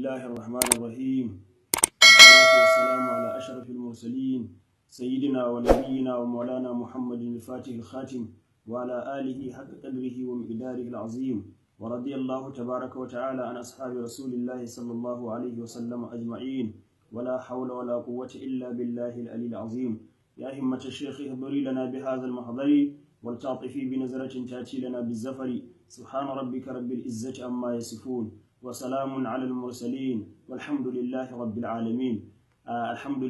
الله الرحمن الرحيم والصلاة والسلام على أشرف المرسلين سيدنا ونبينا ومولانا محمد الفاتح الخاتم وعلى آله حق قدره ومقداره العظيم ورضي الله تبارك وتعالى عن أصحاب رسول الله صلى الله عليه وسلم أجمعين ولا حول ولا قوة إلا بالله العلي العظيم يا همة الشيخ اهضري لنا بهذا المحضر والتعطفي بنزرة تأتي لنا بالزفر سبحان ربك رب العزة أما يصفون وسلام على المرسلين والحمد لله رب العالمين الحمد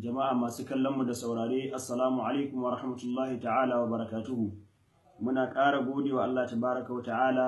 jama'a masu kallon mu da saurare asalamu alaikum wa rahmatullahi ta'ala wa barakatuhu muna ƙara gode wa Allah tabaraka wa ta'ala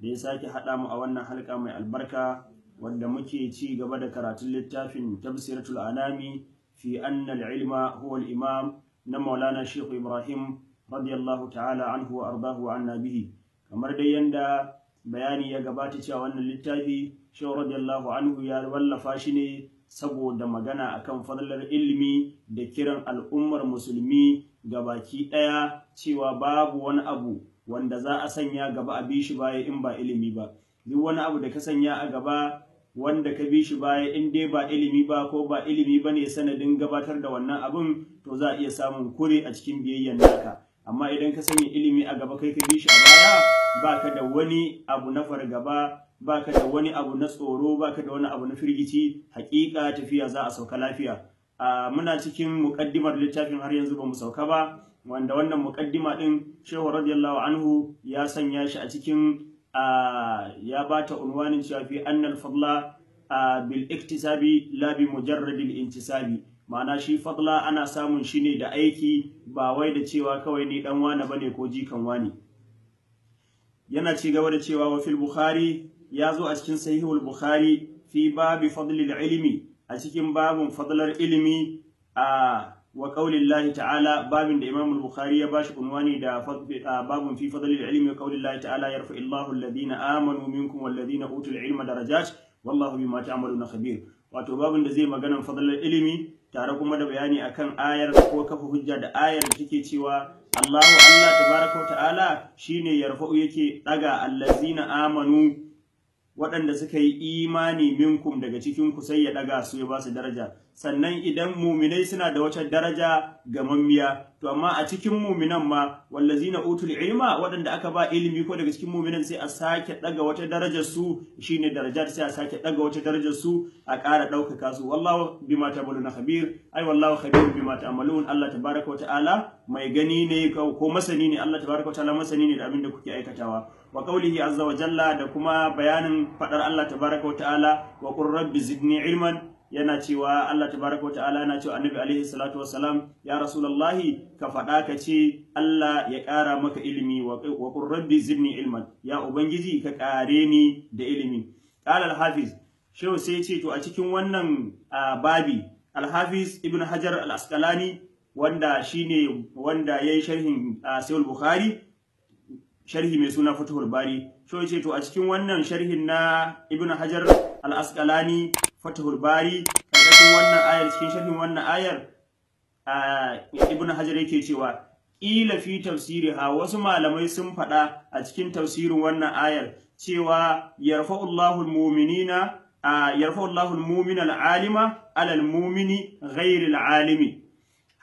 da ya sake haɗa mu a wannan halka mai albarka wanda muke ci gaba da karatun littafin tafsiratul anami fi annal al-ilma huwa al-imam na maulana shehu ibrahim radiyallahu ta'ala anhu wa ardahu wa annabihi kamar dai yanda bayani ya gabata cewa wannan littafi shi radiyallahu anhu ya wallafa shi ne saboda magana akan fadlar ilimi da kiran al'ummar musulmi ga baki ɗaya cewa babu wani abu wanda za a sanya gaba a bi shi baya in ba ilimi ba duk wani abu da ka sanya a gaba wanda ka bi shi baya in dai ba ilimi ba ko ba ilimi ba ne sanadin gabatar da wannan abin to za a iya samun kure a cikin biyayyan naka amma idan ka sanya ilimi a gaba kai ka bi shi a baya ba ka da wani abu na fargaba ba ka da wani abu na tsoro ba ka da wani abu na firgici hakika tafiya za a sauka lafiya muna cikin muƙaddimar littafin har yanzu ba mu sauka ba wanda wannan muƙaddima din Shehu radiyallahu anhu ya sanya shi a cikin ya bata unwanin cewa fi annal fadla bil iktisabi la bi mujarradil intisabi ma'ana shi fadla ana samun shi ne da aiki ba wai da cewa kawai ni dan wane bane ko jikan wani yana ci gaba da cewa wa fil bukhari ya zo a cikin sahihul bukhari fi babi fadlil ilmi a cikin babin fadlar ilmi a wa qaulillahi ta'ala babin da imamul bukhari ya bashi unwani da babun fi fadlil ilmi wa qaulillahi ta'ala yarfa'illahu alladhina amanu minkum walladhina utul ilma darajat wallahu bima ta'maluna khabir wato babin da zai maganan fadlar ilimi tare kuma da bayani akan ayar ko kafa hujja da ayar da take cewa Allahu Allah tabaraka wa ta'ala shine yarfa'u yake daga allazina amanu waɗanda suka yi imani minkum daga cikin ku sai ya ɗaga su ya ba su daraja sannan idan muminai suna da wata daraja ga mammiya to amma a cikin muminan ma wallazina utul ilma waɗanda aka ba ilimi ko daga cikin muminan sai a sake ɗaga wata darajar su shine darajar sai a sake ɗaga wata darajar su a ƙara ɗaukaka su wallahu bima ta'maluna khabir ai wallahu khabir bima ta'malun Allah tabaraka wa ta'ala mai gani ne ko masani ne Allah tabaraka wa ta'ala masani ne da abin da kuke aikatawa wa qawlihi azza wa jalla da kuma bayanin fadar Allah tabaaraka wa ta'ala wa qur rabbi zidni ilman yana cewa Allah tabaaraka wa ta'ala yana cewa annabi alaihi salatu wassalam ya rasulullahi ka faɗa ka ce Allah ya ƙara maka ilimi wa qur rabbi zidni ilman ya ubangiji ka kare ni da ilimi qala al-hafiz shehu sai ce to a cikin wannan babi al-hafiz ibn hajar al-asqalani wanda shine wanda yi sharhin sahih bukhari sharhi mai suna Fathul Bari so yace to a cikin wannan sharhin na Ibn Hajar Al-Asqalani Fathul Bari karkashin wannan ayar cikin sharhin wannan ayar Ibn Hajar yake cewa ila fi tafsiriha wasu malamai sun faɗa a cikin tafsirin wannan ayar cewa yarfa'ullahu al-mu'minina yarfa'ullahu al-mu'mina al mumini alimi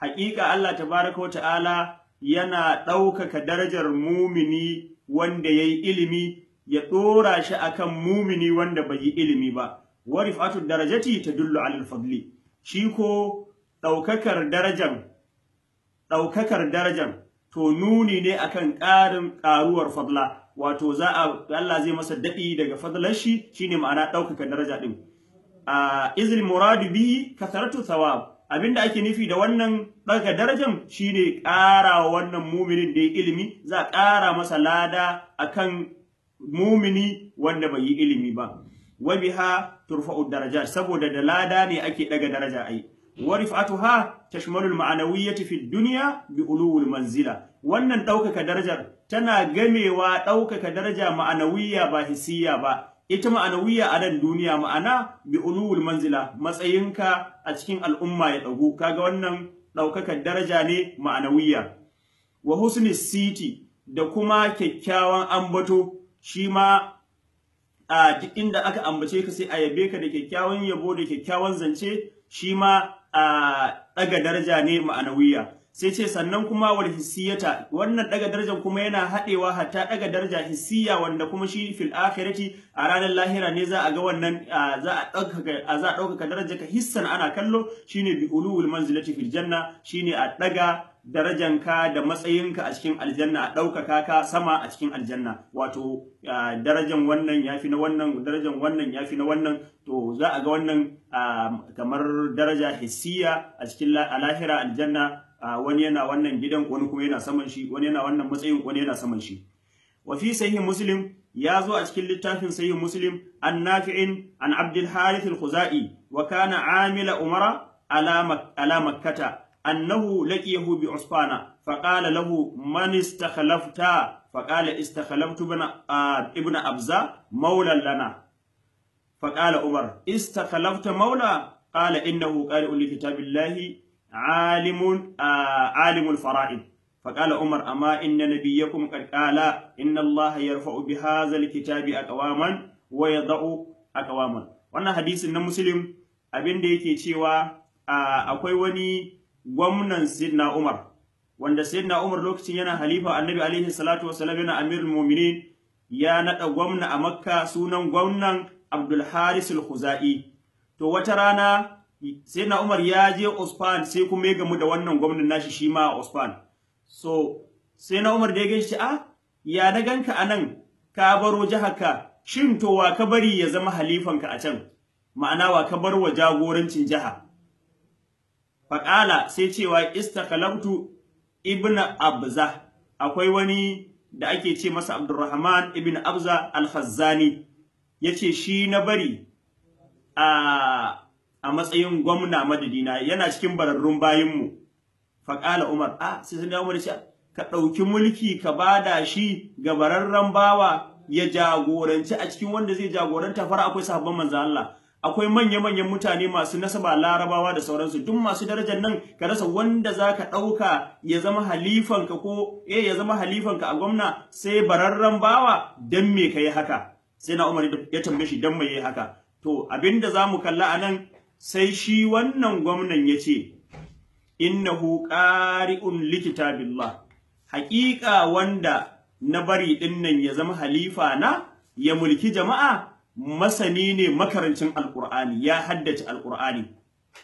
haƙiƙa Allah tabaraka wa ta'ala yana ɗaukaka darajar mumini wanda ya yi ilimi ya ɗora shi akan mumini wanda bai yi ilimi ba Wari fatu darajati ta dullu fadli shi ko ɗaukakar darajan ɗaukakar darajan to nuni ne akan ƙarin ƙaruwar fadla wato za a Allah zai masa daɗi daga fadlar shi shine ma'ana ɗaukaka daraja ɗin a izil muradu bihi kasaratu thawab Abin da ake nufi da wannan ɗaga darajan ne ƙara wa wannan muminin da ya ilimi za a ƙara masa lada a kan mumini wanda bai yi ilimi ba wa ha turfa'u daraja saboda da lada ne ake ɗaga daraja ai wa ha tashmalu ma'anawi ya tafi-duniya bi ulul manzila wannan ɗaukaka darajar tana gamewa ɗaukaka daraja ma'anawiyya ba hisiya ba ita ma'anawiya a nan duniya ma'ana bi unuwul manzila matsayinka a cikin al'umma ya dago kaga wannan daukakar daraja ne ma'anawiya wa husni siti da kuma kyakkyawan ambato shi ma a duk inda aka ambace ka sai a yabe ka da kyakkyawan yabo da kyakkyawan zance shi ma a daga daraja ne ma'anawiya sai ce sannan kuma wal hissiyata wannan daga darajar kuma yana hadewa hatta daga daraja hissiya wanda kuma shi fil akhirati a ranar lahira ne za a ga wannan za a dauka za a dauka darajar ka hissan ana kallo shine bi ulul manzilati fil janna shine a daga darajanka da matsayinka a cikin aljanna a ɗaukaka ka sama a cikin aljanna wato darajan wannan yafi na wannan darajan wannan yafi na wannan to za a ga wannan kamar daraja hissiya a cikin lahira aljanna wani yana wannan gidan wani kuma yana saman shi wani yana wannan matsayin wani yana saman shi wa fi sahih muslim yazo a cikin littafin sahih muslim an nafi'in an abdul harith al khuzai wa kana amila umara ala makkata annahu laqiyahu bi usfana fa qala lahu man istakhlafta fa qala istakhlaftu ibn abza mawlan lana fa qala umar istakhlafta mawla qala innahu qari'un li kitabillahi عالم عالم الفرائض فقال عمر أما إن نبيكم قد قال إن الله يرفع بهذا الكتاب أقواما ويضع أقواما hadisin na muslim abin da yake cewa akwai wani gwamnan Sidna Umar wanda Sidna Umar lokacin yana halifa Annabi alaihi salatu wasallam yana amirul mu'minin ya nada gwamna a Makka sunan gwamnan Abdul Haris al-Khuzai to wata rana sai na Umar ya je Osman sai kuma ya gamu da wannan gwamnan nashi shi ma Osman so sai na Umar da ya gaishe a ah, ya na ganka anan ka baro ka. shin to wa ka bari ya zama halifanka a can ma'ana wa ka bar wa jagorancin jiha Faƙala sai cewa istakhalaftu ibn abza akwai wani da ake ce masa Abdurrahman ibn Abza al-Khazzani yace shi na bari a a matsayin gwamna madadina yana cikin bararrun bayinmu faƙala umar a sai sun umar ce ka ɗauki mulki ka ba da shi ga bararren bawa ya jagoranci a cikin wanda zai jagoranta fara akwai sahabban manzan Allah akwai manya-manyan mutane masu nasaba larabawa da sauransu duk masu darajar nan ka rasa wanda za ka ɗauka ya zama halifanka ko eh ya zama halifanka a gwamna sai bararren bawa Don me ka yi haka sai na umar ya tambaye shi dan me yi haka to abinda za mu kalla a nan sai shi wannan gwamnan ya ce innahu likita billah, haƙiƙa wanda na bari ɗinnan ya zama halifa na ya mulki jama'a masani ne makarancin Alƙur'ani, ya haddace Alƙur'ani,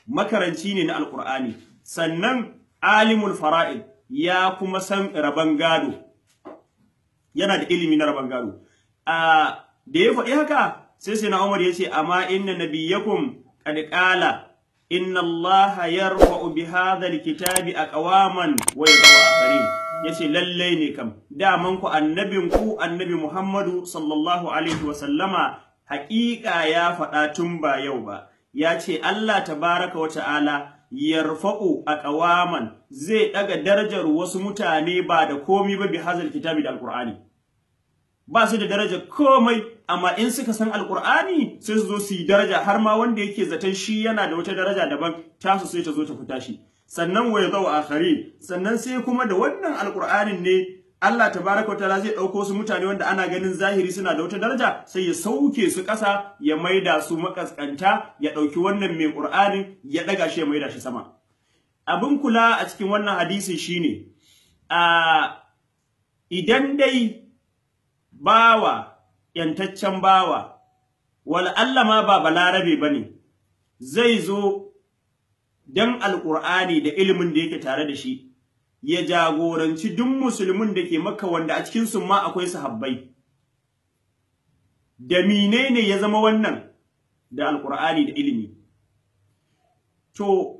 makaranci ne na Alƙur'ani, sannan alimul fara’il ya kuma san rabon gado yana da ilimi na rabon gado a ah, da ya faɗi haka sai sai na Umar ya ce amma inna nabiyakum ubi قال kitabi a ƙawaman wai الكتاب a ويضع Ya ce lallai ne kam daman ku annabin ku annabi Muhammadu sallallahu alaihi wa sallama haƙiƙa ya faɗa tun ba yau ba yace Allah ya rufa ta'ala yarfa'u ƙawaman. zai ɗaga darajar wasu mutane ba da komi ba bi kitabi da alƙur'ani ba su da daraja komai amma in suka san alkur'ani sai su zo su yi daraja har ma wanda yake zaton shi yana da wata daraja daban ta su sai ta zo ta fita shi sannan wa a akharin sannan sai kuma da wannan alkur'anin ne Allah ta tabaraka wataala zai ɗauko su mutane wanda ana ganin zahiri suna da wata daraja sai ya sauke su ƙasa ya maida su makaskanta ya ɗauki wannan mai qur'anin ya ɗaga shi ya maida shi sama abin kula a cikin wannan hadisi shine a idan dai bawa yantaccen bawa wal Allah ma ba balarabe ba ne, zai zo dan alqur'ani da ilimin da yake tare da shi ya jagoranci duk musulmin da ke makka wanda a cikin su ma akwai sahabbai da menene ya zama wannan da alqur'ani da ilimi to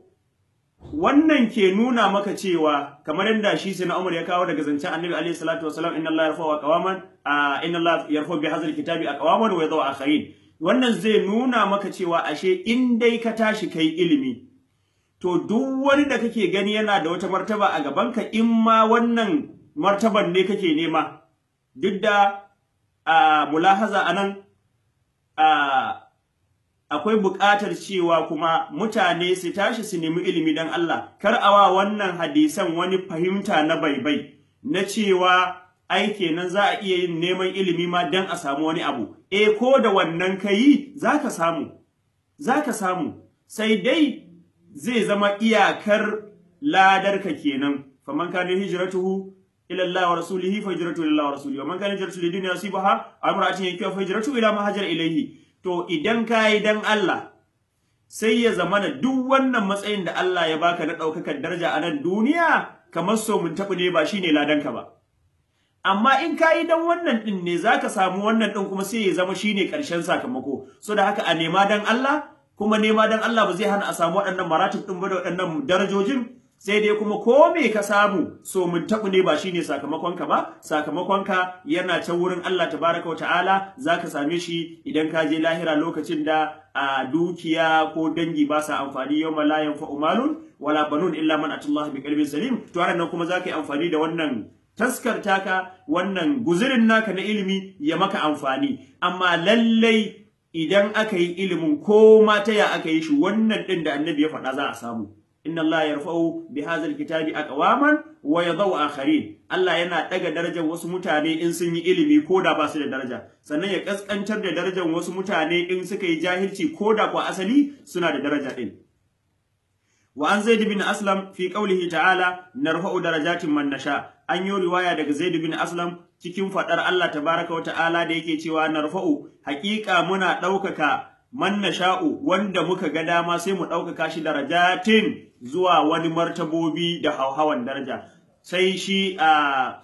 wannan ke nuna maka cewa kamar yadda shi sai na Umar ya kawo daga zancen Annabi alaihi salatu wasalam inna Allah yarfa'u aqwaman inna Allah yarfa'u bi hadhal kitabi aqwaman wa a akharin wannan zai nuna maka cewa ashe in dai ka tashi kai ilimi to duk wani da kake gani yana da wata martaba a gabanka in ma wannan martaban ne kake nema duk da mulahaza anan a akwai buƙatar cewa kuma mutane su tashi su nemi ilimi don Allah kar awa wannan hadisan wani fahimta na baibai na cewa ai nan za a iya yin neman ilimi ma don a samu wani abu E, ko da wannan ka yi za ka samu za ka samu sai dai zai zama iyakar ladarka kenan faman kana hijratuhu ila Allah wa rasulihi fa hijiratu ila Allah wa rasulihi wa man kana hijratuhu lid dunya yusibaha amra atin yakfa hijratuhu ila ma hajara ilayhi to idan kayi dan Allah sai ya zamana duk wannan matsayin da Allah ya baka na ɗaukakar daraja a nan duniya kamar so mun tafi ne ba shi ne ladanka ba amma in ka yi dan wannan ɗin ne za ka samu wannan ɗin kuma sai ya zama shi ne ƙarshen sakamako so da haka a nema dan Allah kuma nema dan Allah ba zai hana a samu waɗannan maratib ɗin ba da waɗannan darajojin sai dai kuma ko me ka samu so mun tabu ne ba shine sakamakonka ba sakamakonka yana can wurin Allah tabaraka wa ta'ala zaka same shi idan ka je lahira lokacin da a dukiya ko dangi ba sa amfani ma layan fa umalun wala banun illa man atallah bi qalbin salim to nan kuma zaka yi amfani da wannan taskar taka wannan guzurin naka na ilimi ya maka amfani amma lallai idan aka yi ilimin ko ma ya aka yi shi wannan din da annabi ya faɗa za a samu inna Allah yarfa'u bi hadzal kitabi aqwaman wa yadhau akharin Allah yana daga darajar wasu mutane in sun yi ilimi koda ba su da daraja sannan ya kaskantar da darajar wasu mutane in suka yi jahilci koda kwa asali suna da daraja din wa an zaid bin aslam fi qawlihi ta'ala narfa'u darajatin man nasha an yi riwaya daga zaid bin aslam cikin fadar Allah tabaraka wa ta'ala da yake cewa narfa'u haqiqa muna daukaka man wanda muka ga dama sai mu ɗaukaka shi darajatin zuwa wani martabobi da hauhawan daraja sai shi a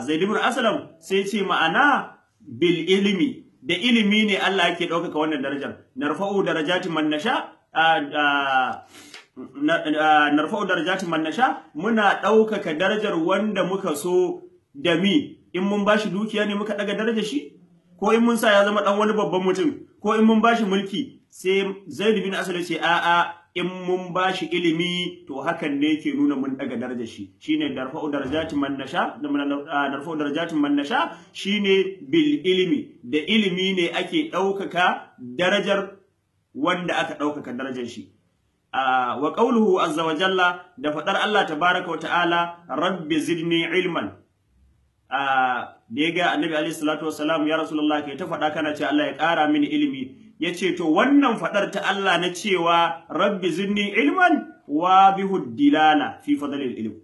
Zaid Asalam sai ce ma'ana bil ilimi da ilimi ne Allah yake ɗaukaka wannan darajar narfa'u darajatin man narfa'u muna ɗaukaka darajar wanda muka so da mi in mun bashi dukiya ne muka ɗaga darajar shi ko in mun sa ya zama ɗan wani babban mutum ko in mun bashi mulki sai Zaid bin Asad ya ce a'a in mun bashi ilimi to hakan ne yake nuna mun daga darajar shi shine darfa'u darajatin man nasha darfa'u darajatin man nasha shine bil ilimi da ilimi ne ake ɗaukaka darajar wanda aka ɗaukaka darajar shi wa qawluhu azza wa jalla da faɗar Allah tabaraka wa ta'ala rabbi zidni ilman da ya ga annabi alaihi salatu wasalam ya rasulullah kai ta faɗa kana ce Allah ya ƙara mini ilimi ya ce to wannan faɗar ta Allah na cewa rabbi zinni ilman wa bihu dilala fi fadlil ilm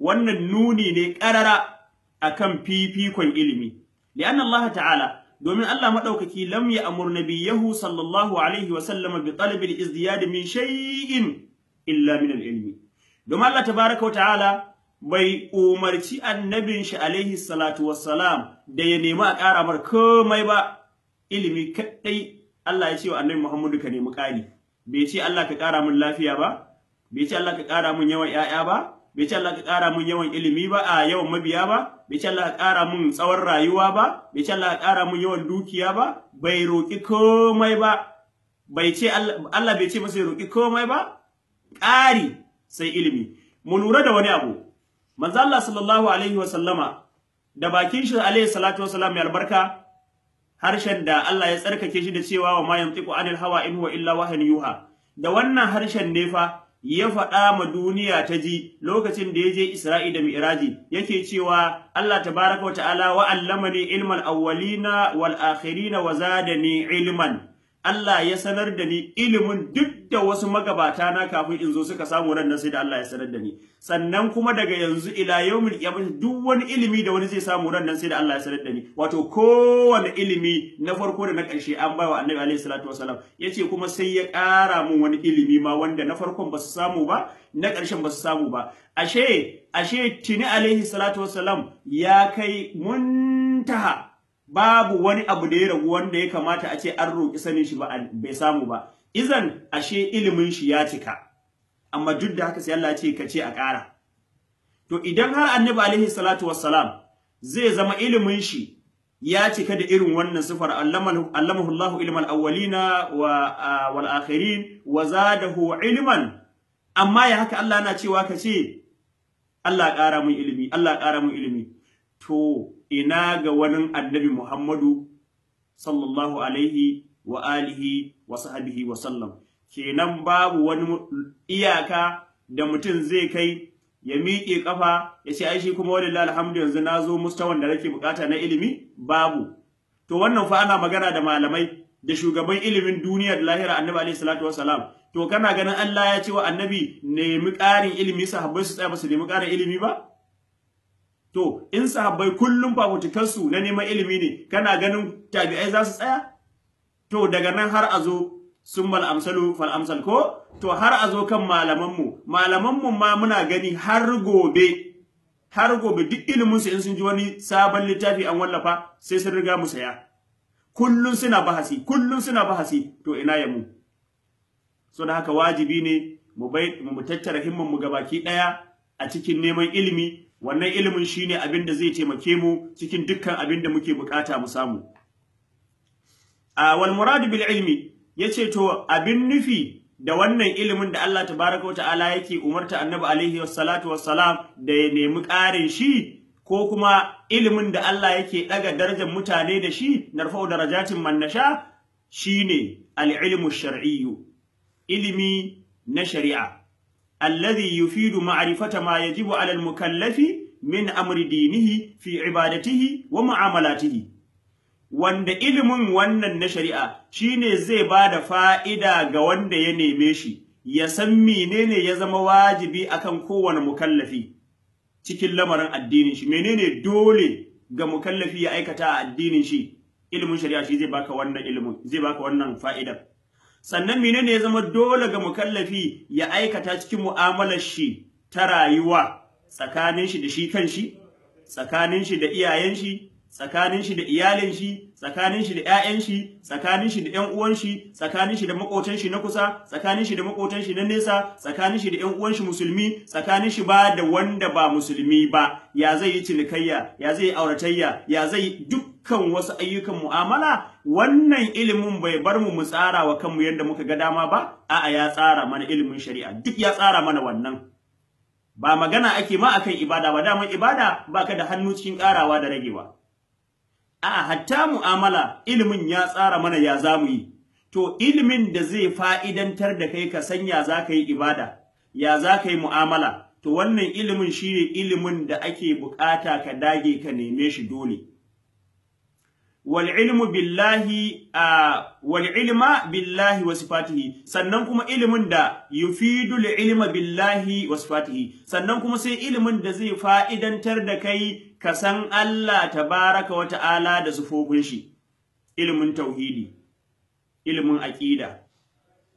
wannan nuni ne ƙarara akan fifikon ilimi li'anna Allah ta'ala domin Allah madaukaki lam ya amur nabiyahu sallallahu alaihi wasallam bi talabil izdiyad min shay'in illa min al-ilmi domin Allah tabaaraka wa ta'ala bai umarci annabin shi alaihi salatu wassalam da ya nemi a ƙara mar komai ba ilimi kaɗai Allah ya ce wa annabi Muhammadu ka nemi ƙari bai ce Allah ka ƙara min lafiya ba bai ce Allah ka ƙara min yawan 'ya'ya ba bai ce Allah ka ƙara min yawan ilimi ba a yawan mabiya ba bai ce Allah ka ƙara min tsawon rayuwa ba bai ce Allah ka ƙara min yawan dukiya ba bai roƙi komai ba bai ce Allah bai ce masa ya roƙi komai ba ƙari sai ilimi mu lura da wani abu manzo Allah sallallahu alaihi wa sallama da bakin shi alaihi salatu Salam ya albarka harshen da Allah ya tsarkake shi da cewa wa ma yantiqu anil hawa in huwa illa wahyun yuha da wannan harshen ne fa ya faɗa ma duniya ta ji lokacin da ya je Isra'i da Mi'raji yake cewa Allah tabaraka wa ta'ala wa allamani ilmal awwalina wal akhirina wa zadani ilman Allah ya sanar da ni ilimin duk da wasu magabata na kafin in zo suka samu ran nan sai da Allah ya sanar da ni sannan kuma daga yanzu ila yaumil qiyamah duk wani ilimi da wani zai samu ran nan sai da Allah ya sanar da ni wato kowane ilimi na farko da na ƙarshe an wa Annabi alaihi salatu wasalam yace kuma sai ya ƙara mun wani ilimi ma wanda na farkon ba su samu ba na ƙarshen ba su samu ba ashe ashe tini alaihi salatu wasalam ya kai muntaha babu wani abu da ya ragu wanda ya kamata a ce an roƙi sanin shi ba bai samu ba izan ashe ilimin shi ya cika amma duk da haka sai Allah ce ka a ƙara to idan har annabi alaihi salatu wassalam zai zama ilimin shi ya cika da irin wannan sifar allamahu Allahu ilmal awwalina wa wal akhirin wa zadahu ilman amma ya haka Allah na cewa kace ce Allah ƙara mun ilimi Allah ƙara mun ilimi to ina ga wani annabi Muhammadu sallallahu alaihi wa alihi wa sahbihi wa sallam kenan babu wani iyaka da mutum zai kai ya miƙe ƙafa ya ce aishi kuma wallahi alhamdu yanzu zo mustawan da nake bukata na ilimi babu to wannan fa ana magana da malamai da shugaban ilimin duniya da lahira annabi alaihi salatu wasalam to kana ganin Allah ya ce wa annabi nemi ƙarin ilimi sahabbai su tsaya ba su nemi ƙarin ilimi ba to in sahabbai kullum fafutukansu na neman ilimi ne kana ganin tabi'ai za su tsaya to daga nan har a zo sun amsalu fal ko to har a zo kan malamanmu malamanmu ma muna gani har gobe har gobe duk iliminsu in sun ji wani sabon littafi an wallafa sai sun riga mu saya kullun suna bahasi Kullum suna bahasi to ina yamu so da haka wajibi ne mu bai mu tattara himman mu gabaki ɗaya a cikin neman ilimi wannan ilimin shine abin da zai taimake mu cikin dukkan abin da muke bukata mu samu a wal murad bil ilmi yace to abin nufi da wannan ilimin da Allah tabaraka wa ta'ala yake umarta annabi alaihi wassalatu wassalam da ya nemi ƙarin shi ko kuma ilimin da Allah yake daga darajar mutane da shi narfa'u darajatin man nasha shine al ilmu shar'iyyu ilimi na shari'a alladhi yufidu ma'rifata ma yajibu 'ala al-mukallafi min amri dinihi fi ibadatihi wa mu'amalatihi wanda ilimin wannan na shari'a shine zai bada fa'ida ga wanda ya neme shi ya san menene ya zama wajibi akan kowane mukallafi cikin lamarin addinin shi menene dole ga mukallafi ya aikata a addinin shi ilimin shari'a shi zai baka wannan ilimin zai baka wannan fa'idar sannan menene ya zama dole ga mukallafi ya aikata cikin mu'amalar shi ta rayuwa tsakanin shi da shi kanshi tsakanin shi da iyayen shi tsakanin shi da iyalin shi tsakanin shi da ƴaƴan shi tsakanin shi da ƴan uwan shi tsakanin shi da makotan shi na kusa tsakanin shi da makotan shi na nesa tsakanin shi da ƴan uwan shi musulmi tsakanin shi ba da wanda ba musulmi ba ya zai yi cinikayya ya zai yi auratayya ya zai dukkan wasu ayyukan mu'amala wannan ilimin bai bar mu mu tsara wa kanmu yadda muka ga dama ba a'a ya tsara mana ilimin shari'a duk ya tsara mana wannan ba magana ake ma akan ibada ba daman ibada baka da hannu cikin karawa da ragewa a hatta mu'amala ilimin ya tsara mana ya zamu yi to ilimin da zai fa'idantar da kai ka sanya za ka yi ibada ya za ka yi mu'amala to wannan ilimin shine ilimin da ake bukata ka dage ka neme shi dole wal ilmu billahi wal ilma billahi sannan kuma ilimin da yufidu al ilma billahi wasu Fatihi, sannan kuma sai ilimin da zai fa'idantar da kai ka san Allah tabaraka wa ta'ala da sufofin shi ilimin tauhidi ilimin aƙida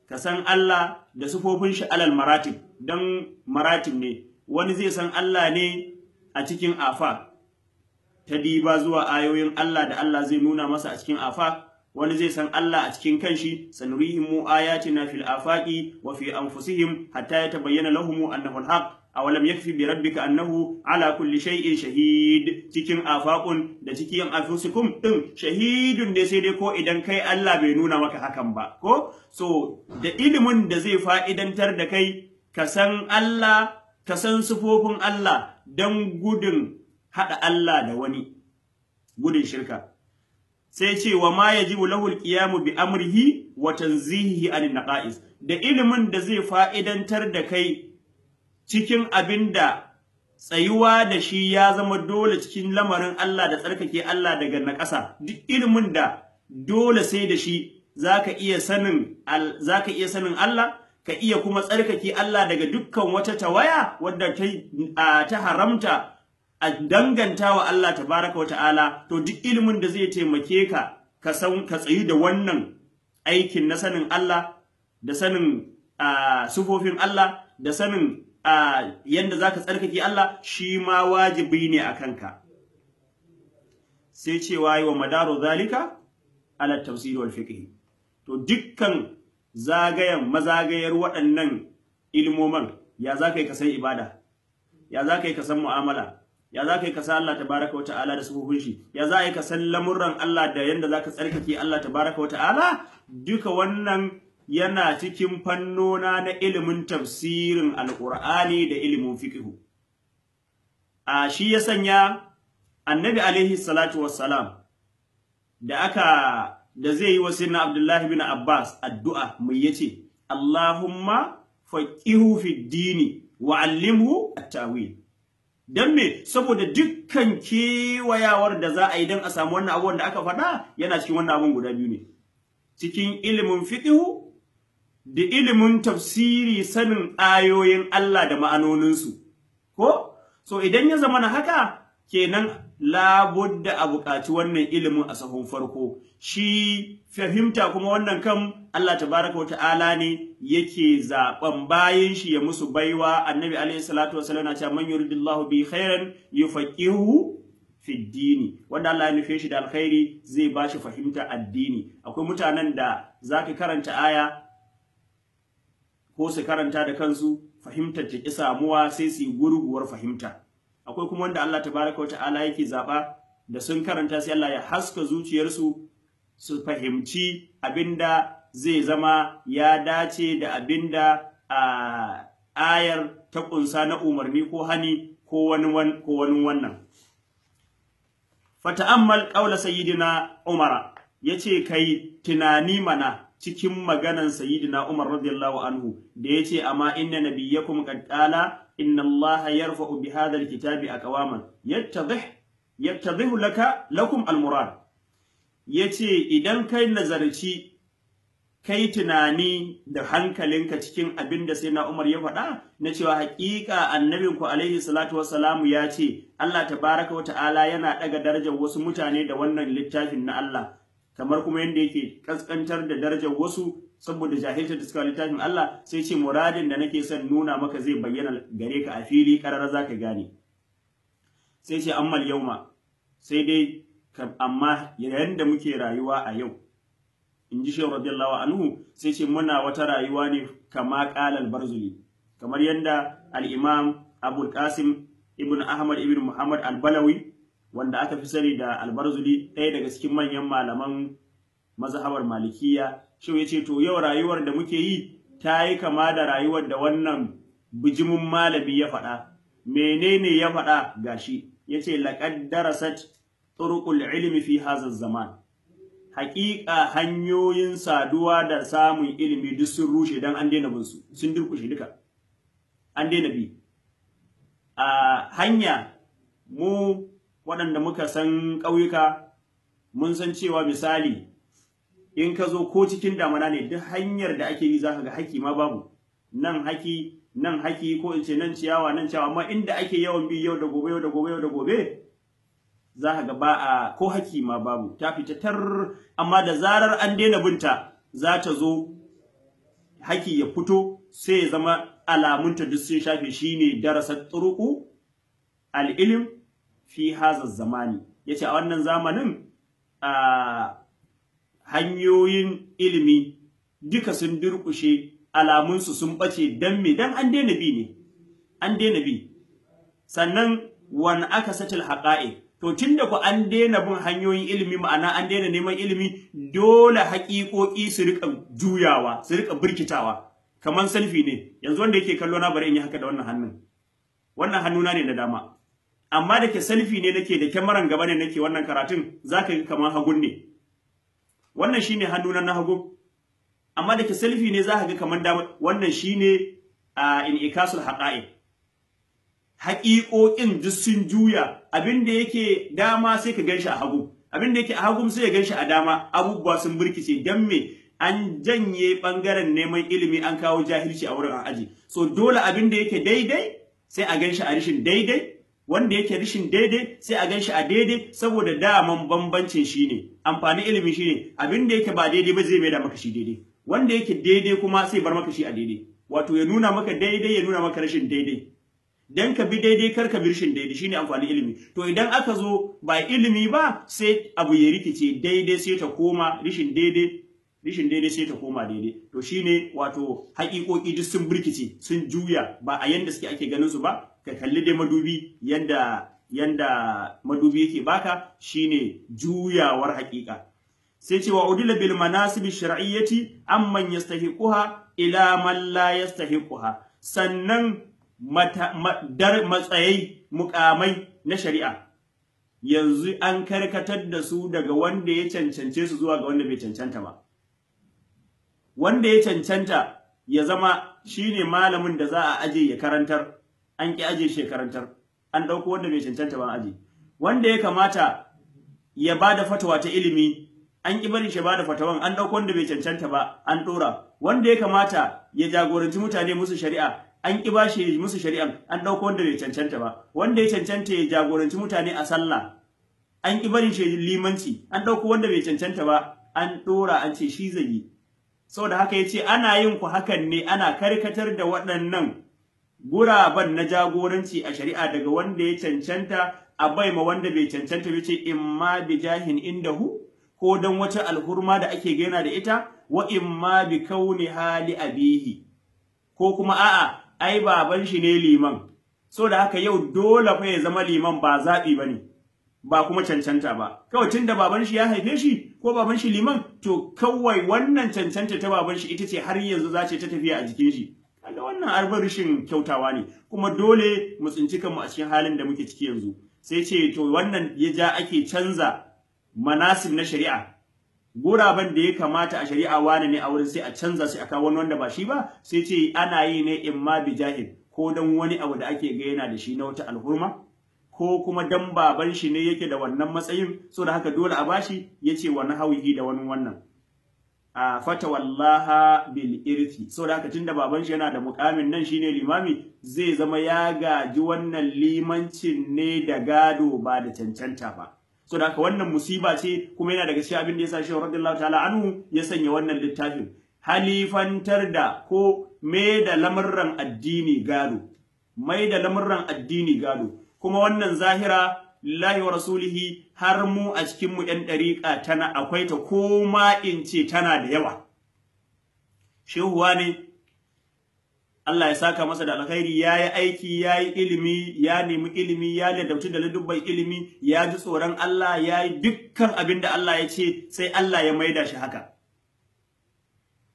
ka san Allah da sufofin shi alal maratib dan maratib ne wani zai san Allah ne a cikin afa ta diba zuwa ayoyin Allah da Allah zai nuna masa a cikin afa wani zai san Allah a cikin kanshi sanurihim ayatina fil afaqi wa fi anfusihim hatta ya yatabayyana lahum annahu al-haq A awalam yakfi bi rabbika annahu ala kulli shay'in shahid cikin afaqun da cikin anfusikum din shahidun ne sai dai ko idan kai Allah bai nuna maka hakan ba ko so da ilimin da zai fa'idantar da kai ka san Allah ka san sufofin Allah dan gudun hada Allah da wani gudun shirka sai ce wa ma yajibu lahu alqiyamu bi amrihi wa tanzihihi an naqais da ilimin da zai fa'idantar da kai cikin abin da tsayuwa da shi ya zama dole cikin lamarin Allah da tsarkake Allah daga naƙasa duk ilimin da dole sai da shi zaka iya sanin iya sanin Allah ka iya kuma tsarkake Allah daga dukkan wata tawaya wadda ta haramta a dangantawa Allah tabaraka wa ta'ala to duk ilimin da zai taimake ka ka san ka tsayi da wannan aikin na sanin Allah da sanin sufofin Allah da sanin yanda zaka tsarkake Allah shi ma wajibi ne a kanka sai cewa wayo wa madaru zalika ala tafsir wal fiqh to dukkan zagayen mazagayar waɗannan ilmoman ya zaka yi ka san ibada ya zaka yi ka san mu'amala ya za ka yi kasa Allah Wa wata'ala da sufufin shi ya za ka yi kasan lamurran Allah da yanda zaka tsarkake Allah Wa wata'ala duka wannan yana cikin fannona na ilimin tafsirin alƙur'ani da ilimin fikihu a shi ya sanya annabi alaihi salatu wassalam da aka da zai yi wasu na Abdullahi bin Abbas addu'a mai yace Allahumma faqihu fid dini wa allimhu at-tawil dan me saboda dukkan kewayawar da za a yi dan a samu wannan abu da aka faɗa yana cikin wannan abun guda biyu ne cikin ilimin fiqhu da ilimin tafsiri sanin ayoyin Allah da ma'anoninsu ko so idan ya zama na haka kenan labudda a buƙaci wannan ilimin a sahun farko shi fahimta kuma wannan kan Allah tabaraka wata ta'ala ne yake zaɓen bayan shi ya musu baiwa annabi alaihi salatu na cewa man yuridillahu bi khairan fiddini wanda Allah ya nufe shi da alkhairi zai ba shi fahimta addini akwai mutanen da za ka karanta aya ko su karanta da kansu fahimtar ta ki samuwa sai su yi gurguwar fahimta akwai kuma wanda Allah tabaraka wa ta'ala yake zaba da sun karanta sai Allah ya haska zuciyarsu su fahimci abinda zai zama ya dace da abinda a ayar ta kunsa na umarni ko hani ko wani ko wani wannan fata'ammal qawla sayyidina umara yace kai tunani mana cikin maganan sayyidina Umar radiyallahu anhu da ya ce amma inna nabiyyakum kuma qala inna Allah ya ubi bi kitabi a aqwaman yattadih zihu laka lakum Ya ce idan kai nazarci kai tunani da hankalinka cikin abin da sai na Umar ya faɗa na cewa haƙiƙa annabinku alaihi salatu wasalamu ya ce Allah baraka wa ta'ala yana ɗaga darajar wasu mutane da wannan littafin na Allah kamar kuma yadda yake kaskantar da darajar wasu saboda jahilcin da suka littafin Allah sai ce muradin da nake son nuna maka zai bayyana gare ka a fili karara ka gane sai ce ammal yauma sai dai amma yayin da muke rayuwa a yau in ji shehu radiyallahu anhu sai ce muna wata rayuwa ne kama kalal barzuli kamar yadda al-imam abul qasim ibn ahmad ibn muhammad al-balawi wanda aka fi sani da albarzuli ɗaya daga cikin manyan malaman mazhabar malikiya shi ya ce to yau rayuwar da muke yi ta yi kama da rayuwar da wannan bijimin malami ya faɗa menene ya faɗa gashi ya ce laƙad darasat turuqul ilimi fi hazar zaman haƙiƙa hanyoyin saduwa da samun ilimi duk sun rushe don an daina binsu sun durƙushe duka an daina bi a hanya mu waɗanda muka san ƙauyuka mun san cewa misali in ka zo ko cikin damana ne duk hanyar da ake yi za ka ga haki ma babu nan haki nan haki ko in ce nan ciyawa nan ciyawa amma inda ake yawan bi yau da gobe yau da gobe yau da gobe za ka ga ba a ko haki ma babu ta fita tar amma da zarar an daina binta za ta zo haki ya fito sai ya zama alamunta duk sun shafe shine darasar turuku al-ilm fi hazar zamani yace a wannan zamanin a hanyoyin ilimi duka sun durkushe alamunsu sun bace dan me dan an daina bi ne an daina bi sannan wani aka akasatil haqa'iq to tun da ku an daina bin hanyoyin ilimi ma'ana an daina neman ilimi dole haƙiƙoƙi su rika juyawa su rika birkitawa Kamar salfi ne yanzu wanda yake kallo na bari in yi haka da wannan hannun wannan hannuna ne na dama amma da ke salfi ne nake da kyamaran gaba ne nake wannan karatun za ka yi kamar hagun ne wannan shi ne hannunan na hagun. amma da ke salfi ne za ka ga kamar dama wannan shi ne a in ikasul haƙa'i. haƙiƙoƙin duk sun juya abin da yake dama sai ka ganshi a hagu abin da yake a hagu sai ya gan shi a dama abubuwa sun birkice. dan me an janye ɓangaren neman ilimi an kawo jahilci a wurin aji so dole abin da yake daidai sai a ganshi a rishin daidai wanda yake rishin daidai sai a gan shi a daidai saboda daman bambancin shine, ne amfani ilimi shine. abin da yake ba daidai ba zai mai da maka shi daidai wanda yake daidai kuma sai bar maka shi a daidai wato ya nuna maka daidai ya nuna maka rashin daidai dan ka bi daidai kar ka bi rashin daidai shine amfani ilimi to idan aka zo ba ilimi ba sai abu ya rikice daidai sai ta koma rishin daidai rishin daidai sai ta koma daidai to shine wato haƙiƙoƙi duk sun birkice sun juya ba a yanda suke ake ganin su ba ka kalli dai madubi yanda yanda madubi yake baka shine juyawar haƙiƙa. sai cewa udila bil manasib shar'iyyati amman yastahiquha ila man la yastahiquha sannan matsayai mukamai na shari'a yanzu an karkatar da su daga wanda ya cancance su zuwa ga wanda bai cancanta ba wanda ya cancanta ya zama shine malamin da za a aje ya karantar an ƙi aje shekarantar an ɗauko wanda bai cancanta ba aje wanda ya kamata ya bada fatawa ta ilimi an ƙi barin shi bada fatawan an ɗauko wanda bai cancanta ba an ɗora wanda ya kamata ya jagoranci mutane musu shari'a an ƙi bashi musu shari'an an ɗauko wanda bai cancanta ba wanda ya cancanta ya jagoranci mutane a sallah an ƙi barin shi limanci an ɗauko wanda bai cancanta ba an ɗora an ce shi zai yi saboda haka ya ce ana yin ku hakan ne ana karkatar da waɗannan guraben na jagoranci a shari'a daga wanda ya cancanta a bai ma wanda bai cancanta ba ce ma bi jahin indahu ko dan wata alhurma da ake gaina da ita wa in ma bi kauni hali abihi ko kuma a'a ai baban shi ne liman so da haka yau dole fa ya zama liman ba ba ne, ba kuma cancanta ba kawai tunda baban shi ya haife shi ko baban shi liman to kawai wannan cancanta ta baban shi ita ce har yanzu za ce ta tafiya a jikin shi kaga wannan arba kyautawa ne kuma dole mu tsinci kanmu a cikin halin da muke ciki yanzu sai ce to wannan ya ja ake canza manasin na shari'a guraben da ya kamata a shari'a wani ne a wurin sai a canza sai a kawo wani wanda ba shi ba sai ce ana yi ne imma bi jahil ko dan wani abu da ake ga yana da shi na wata alhurma ko kuma dan baban shi ne yake da wannan matsayin so da haka dole a bashi ce wani hauyi da wani wannan a wallaha bil irthi saboda haka tunda baban shi yana da mukamin nan shine limami zai zama ya gaji wannan limancin ne da gado ba da cancanta ba da haka wannan musiba ce kuma yana daga cikin abin da yasa shehu radiyallahu ta'ala anhu ya sanya wannan littafin halifantar da ko mai da lamurran addini gado mai da lamurran addini gado kuma wannan zahira lillahi wa rasulihi har mu a cikin mu ɗan ɗariƙa tana akwai ta ko ma in ce tana da yawa shehuwa ne Allah ya saka masa da alkhairi ya yi aiki ya yi ilimi ya nemi ilimi ya ladabci da ladubban ilimi ya ji tsoron Allah ya yi dukkan abin da Allah ya ce sai Allah ya maida shi haka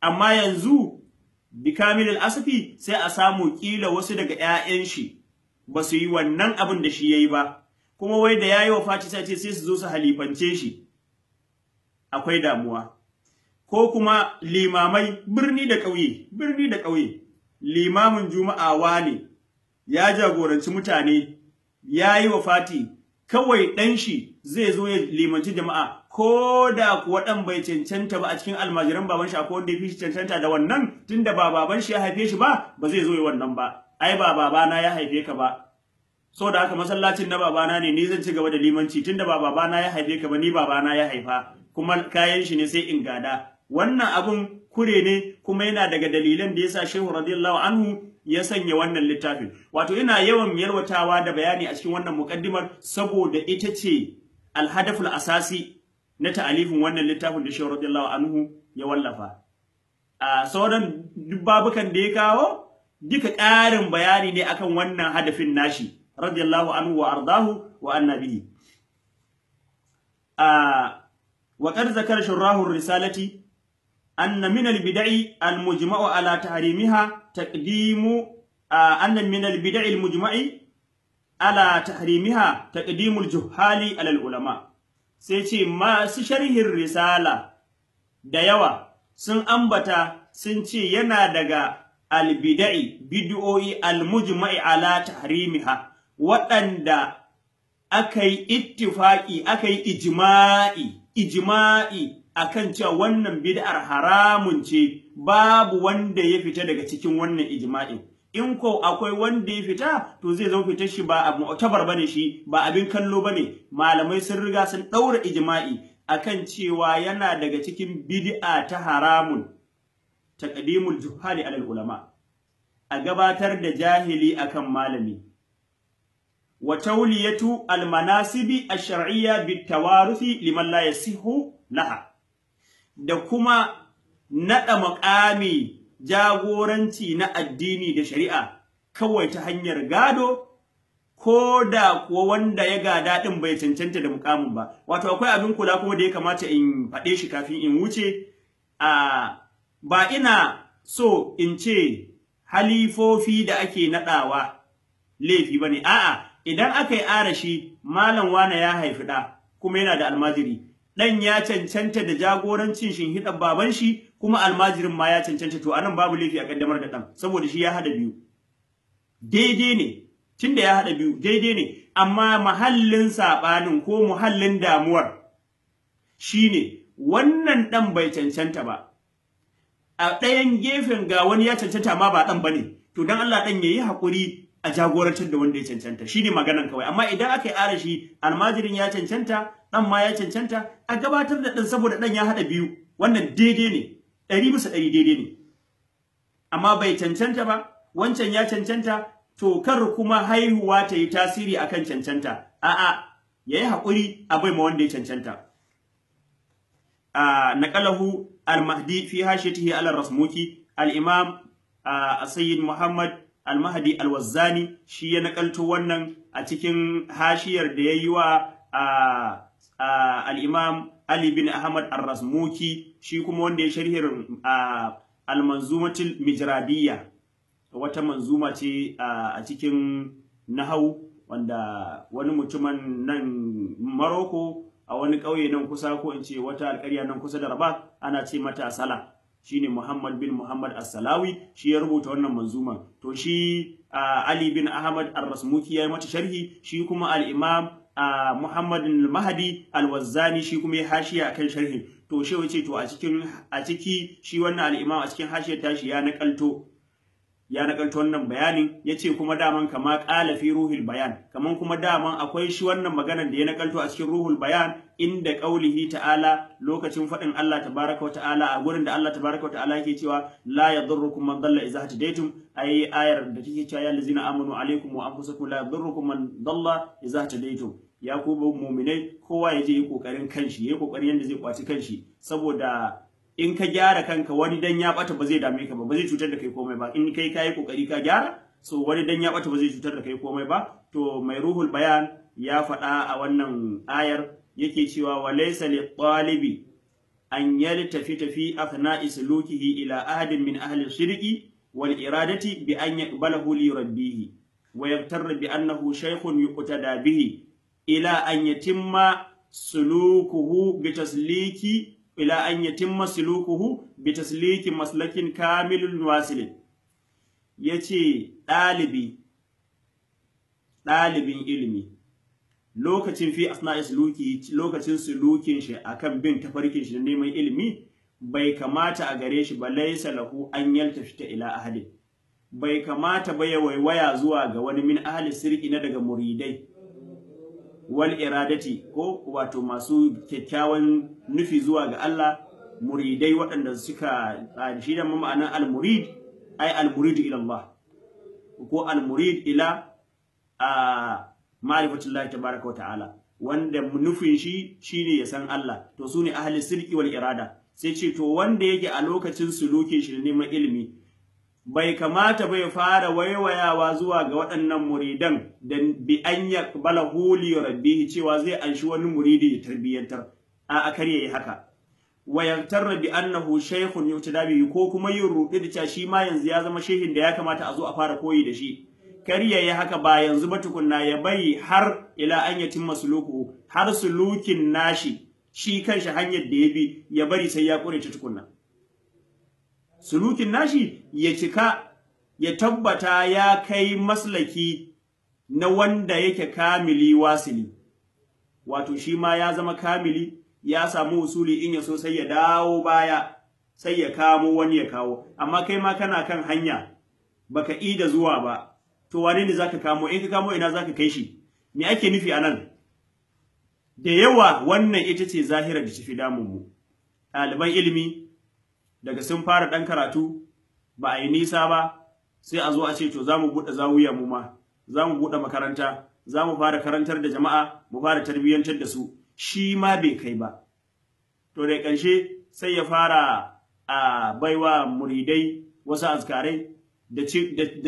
amma yanzu bikamilil asafi sai a samu kila wasu daga 'ya'yan shi ba su yi wannan abin da shi ya yi ba kuma wai da ya yi wa Fati sai ce sai su zo su halifance shi akwai damuwa ko kuma limamai birni da ƙauye birni da ƙauye limamin juma'a wane ya jagoranci mutane Ya yi wa Fati. kawai ɗan shi zai zo ya limanci jama'a ko da kuwa ɗan bai cancanta ba a cikin almajiran baban shi akwai wanda ya fi shi cancanta da wannan tunda ba baban shi ya haife shi ba ba zai zo ya wannan ba ai ba babana ya haife ka ba so da haka masallacin na babana ne ni zan ci gaba da limanci tunda ba babana ya haife ka ba ni babana ya haifa kuma kayan shi ne sai in gada wannan abun kure ne kuma yana daga dalilan da yasa Shehu radiyallahu anhu ya sanya wannan littafin wato ina yawan yalwatawa da bayani a cikin wannan mukaddimar saboda ita ce alhadaful asasi na ta'alifin wannan littafin da Shehu radiyallahu anhu ya wallafa a sauran babukan da ya kawo duka ƙarin bayani ne akan wannan hadafin nashi radiyallahu anhu wa ardahu wa anna bihi wa qad zakara shurahu risalati anna min al-bid'i al-mujma'u ala tahrimiha taqdimu anna min al-bid'i al-mujma'i ala tahrimiha taqdimu al-juhali ala al-ulama sai ce masu sharhin risala da yawa sun ambata sun ce yana daga almujma'i ala tahrimiha waɗanda aka yi ittifaƙi aka yi ijima'i ijima'i akan cewa wannan bid'ar haramun ce babu wanda ya fita daga cikin wannan ijima'i. in ko akwai wanda ya fita to zai zama fitar shi ba abu mu'tabar bane shi ba abin kallo bane malamai sun riga sun daura ijima'i. akan cewa yana daga cikin bid'a ta haramun taqdimul juhali alal ulama a gabatar da jahili akan malami wa tawliyatu almanasibi ash-shar'iyya bitawaruthi liman la yasihu laha da kuma nada muƙami jagoranci na addini da shari'a kawai ta hanyar gado ko da kuwa wanda ya gada din bai cancanta da mukamin ba wato akwai abin kula kuma da ya kamata in faɗe shi kafin in wuce a ba ina so in ce halifofi da ake nadawa laifi bane a'a idan aka yi arashi malam wane ya haifi ɗa kuma yana da almajiri ɗan ya cancanta da jagorancin hidan baban shi kuma almajirin ma ya cancanta to anan babu laifi a kaddamar da ɗan saboda shi ya haɗa biyu daidai ne tunda ya haɗa biyu daidai ne amma muhallin saɓanin ko muhallin damuwar shine wannan ɗan bai cancanta ba a ɗayan gefen ga wani ya cancanta ma ba ɗan ba ne. to don Allah ɗan ya yi hakuri a jagorantar da wanda ya cancanta shine maganan kawai amma idan aka yi ara shi, almajirin ya cancanta ɗan ma ya cancanta a gabatar da ɗan saboda ɗan ya haɗa biyu wannan daidai ne ɗari bisa ɗari daidai ne amma bai cancanta ba wancan ya cancanta to kar kuma haihuwa ta yi tasiri akan cancanta a'a yayi hakuri a bai ma wanda ya cancanta a naqalahu al-mahdi fi hashiyatihi ala rasmuki al-imam sayyid muhammad al-mahdi al-wazzani shi ya nakalto wannan a cikin hashiyar da ya yi wa al-imam ali bin ahmad ar-rasmuki shi kuma wanda ya sharhin al-manzumatul mijradiyya wata manzuma ce a cikin nahau wanda wani mutumin nan maroko a wani ƙauye nan kusa ko in ce wata alƙarya nan kusa da raba, ana ce mata Sala Shi ne Muhammad bin Muhammad As-Salawi shi ya rubuta wannan manzuman to shi Ali bin Ahmad Ar-Rasmuki ya mata sharhi shi kuma al-Imam Muhammad al-Mahdi al-Wazzani shi kuma ya hashiya akan sharhi to shi wace to a ciki shi wannan al a cikin hashiyar tashi ya nakalto ya nakalta wannan bayanin Ya ce kuma daman kama qala fi ruhul bayan kaman kuma daman akwai shi wannan maganar da ya nakalto a cikin ruhul bayan inda qaulihi ta'ala lokacin fadin Allah tabaraka wa ta'ala a gurin da Allah tabaraka wa ta'ala yake cewa la yadurrukum man dalla idza hadaytum ai ayar da take cewa ya lazina amanu alaikum wa anfusakum la yadurrukum man dalla idza hadaytum ya ku mu'minai kowa ya je yi kokarin kanshi ya yi kokarin yanda zai kwaci kanshi saboda in ka gyara kanka wani dan ya bata ba zai dame ka ba ba zai cutar da kai komai ba in kai kayi kokari ka gyara so wani dan ya bata ba zai cutar da kai komai ba to mai ruhul bayan ya faɗa a wannan ayar yake cewa wa laysa li talibi an yaltafi tafi afna sulukihi ila ahadin min ahli shirki wal iradati bi an yaqbalahu li rabbih wa yaqtar bi annahu shaykhun yuqtada bihi ila an yatimma sulukuhu bi tasliki ila an yatimma sulukuhu bi tasliki maslakin kamilun wasilin yace ce, ɗalibin ilimi lokacin fi asna'i suluki lokacin sulukin shi akan bin tafarkin shi neman ilimi bai kamata a gare shi ba laisa lahu an yaltafita ila ahli bai kamata ba ya waiwaya zuwa ga wani min ahli sirki na daga muridai wal iradati ko wato masu kyakkyawan nufi zuwa ga Allah muridai waɗanda suka shi da ma'anar al-murid ai al-murid ila Allah ko al-murid ila a ma'rifatullahi tabaraka wa ta'ala wanda nufin shi shine ya san Allah to sune ne ahli sirki wal irada sai ce to wanda yake a lokacin sulukin shi neman ilimi bai kamata bai fara waiwayawa zuwa ga waɗannan muridan da bi an bala huli rabbihi cewa zai anshi wani muridi ya tarbiyyantar a akar yayi haka wa yagtarra bi annahu shaykhun yutada ko kuma yin ruɗi da cewa shi ma yanzu ya zama shehin da ya kamata a zo a fara koyi da shi kar yayi haka ba yanzu ba tukunna ya bari har ila an yatimma suluku har sulukin nashi shi kanshi hanyar da ya bi ya bari sai ya ƙure ta tukunna sulukin nashi ya cika ya tabbata ya kai maslaki na wanda yake kamili wasili wato shi ma ya zama kamili ya samu usuli in ya so sai ya dawo baya sai ya kamo wani ya kawo amma kai ma kana kan hanya baka ida zuwa ba to wane ne zaka kamo in ka kamo ina zaka kai shi me ake nufi anan da yawa wannan ita ce zahirar da tafi damun mu ɗaliban ilimi daga sun fara ɗan karatu ba a yi nisa ba sai a zo a ce to za mu buɗe zawiya mu ma za mu buɗe makaranta za mu fara karantar da jama'a mu fara tarbiyyantar da su shi ma bai kai ba to da ƙarshe sai ya fara a baiwa muridai wasu azkarai da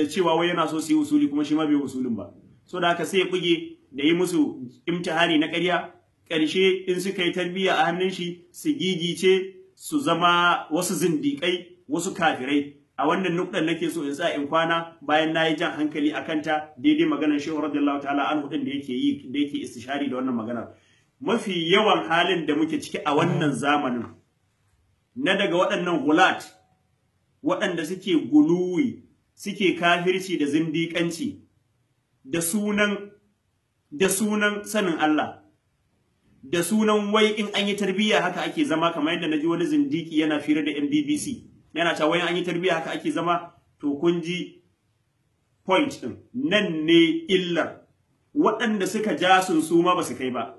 cewa wai yana so su yi usuli kuma shi ma bai usulin ba so da haka sai ya buge da yi musu imtihani na ƙarya ƙarshe in suka yi tarbiyya a hannun shi su gigice su zama wasu zindiƙai wasu kafirai a wannan nukɗar nake so in sa in kwana bayan na yi jan hankali a kanta daidai maganar Shehu radiyallahu ta'ala an hudun da yake yi da yake istishari da wannan maganar mafi yawan halin da muke ciki a wannan zamanin na daga waɗannan gulat waɗanda suke guluwi suke kafirci da zindiƙanci da sunan sanin Allah da sunan wai in an yi tarbiyya haka ake zama kamar yadda ji wani zindiki yana fira da MBBC yana ta wai an yi tarbiyya haka ake zama to kun ji point din nan ne illar waɗanda suka ja sun su ma ba su kai ba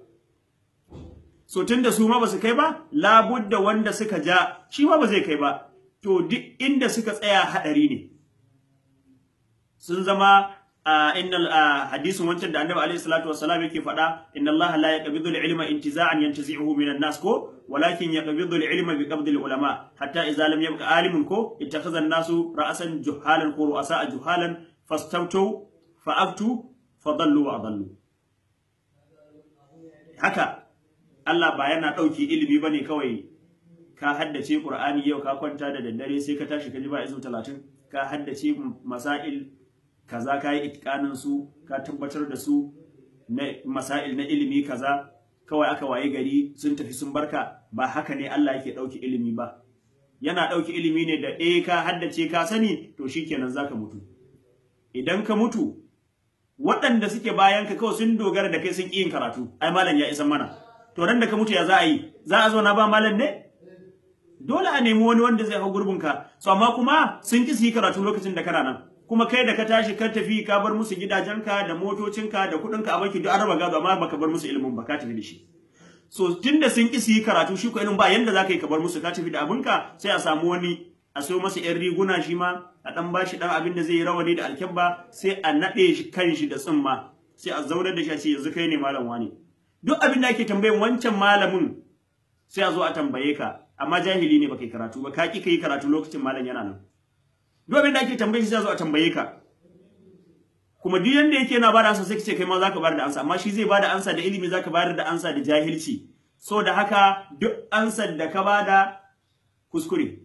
so tunda su ma ba su kai ba labudda wanda suka ja shi ma ba zai kai ba to duk inda suka tsaya haɗari ne sun zama innal hadisin wancan da annabi alaihi salatu wassalam yake faɗa innallaha allaha la yaqbidu al-ilma intiza'an yantazi'uhu min an-nas ko walakin yaqbidu al-ilma bi qabdi al-ulama hatta idza lam yabqa alimun ko ittakhadha an-nasu ra'san juhalan ko ru'asa juhalan fastamtu fa'aftu fadallu wa adallu haka Allah ba yana ɗauki ilimi bane kawai ka haddace Qur'ani yau ka kwanta da daddare sai ka tashi ka ji ba izu 30 ka haddace masail kaza ka yi itikanin su ka tabbatar da su na masail na ilimi kaza kawai aka waye gari sun tafi sun barka ba haka ne Allah yake ɗauki ilimi ba yana ɗauki ilimi ne da eh ka haddace ka sani to shikenan zaka mutu idan ka mutu waɗanda suke bayan ka kawai sun dogara da kai sun yi karatu ai malam ya isa mana to ran da ka mutu ya za a yi za a zo na ba malam ne dole a nemi wani wanda zai hau gurbinka so amma kuma sun ki su yi karatu lokacin da kana nan kuma kai da ka tashi ka tafi ka bar musu gidajenka da motocinka da kuɗinka a banki duk an raba gado amma baka bar musu ilimin ba ka tafi da shi so tunda sun ki su yi karatu shi ko irin ba yanda zaka yi ka bar musu ka tafi da abinka sai a samu wani a so masa yan riguna shi ma a dan bashi dan abin da zai yi rawani da alkyabba sai a nade shi kanshi da tsumma sai a zaunar da shi a ce yanzu kai ne malam wani duk abin da ake tambayan wancan malamin sai a zo a tambaye ka amma jahili ne baka yi karatu ba ka ki yi karatu lokacin malam yana nan duk abin da ake tambaye shi zo a tambaye ka kuma duk yanda yake yana bada ansa sai kace kai ma zaka bayar da ansa amma shi zai bada ansa da ilimi zaka bayar da ansa da jahilci so da haka duk ansar da ka bada kuskure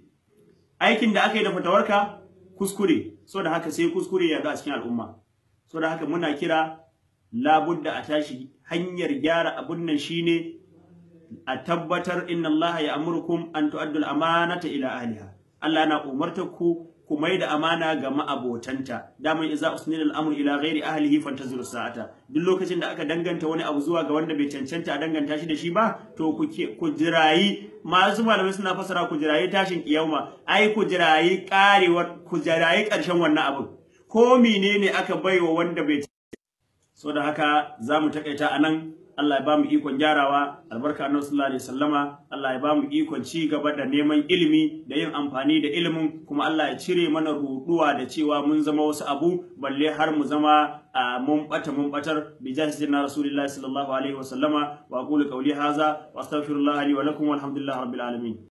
aikin da aka yi da fatawarka kuskure so da haka sai kuskure ya zo a cikin al'umma so da haka muna kira labudda a tashi hanyar gyara abun nan shine a tabbatar inna Allah ya amurkum an tu'addul amanata ila ahliha Allah yana umartar ku ku mai da amana ga ma'abotanta damar iza usnil al ila ghairi ahlihi fantazir sa'ata duk lokacin da aka danganta wani abu zuwa ga wanda bai cancanta a danganta shi da shi ba to ku ku jirayi masu malamai suna fasara ku jirayi tashin kiyama ai ku jirayi karewar ku jirayi karshen wannan abu ko menene aka baiwa wanda bai so da haka zamu takaita anan Allah ya bamu ikon gyarawa albarka na sallallahu alaihi wasallama Allah ya bamu ikon ci gaba da neman ilimi da yin amfani da ilimin kuma Allah ya cire mana ruduwa da cewa mun zama wasu abu balle har mu zama mun bata mun batar bi na rasulullahi sallallahu alaihi wasallama wa qulu qawli hadha wa astaghfirullahi li wa lakum walhamdulillahi rabbil alamin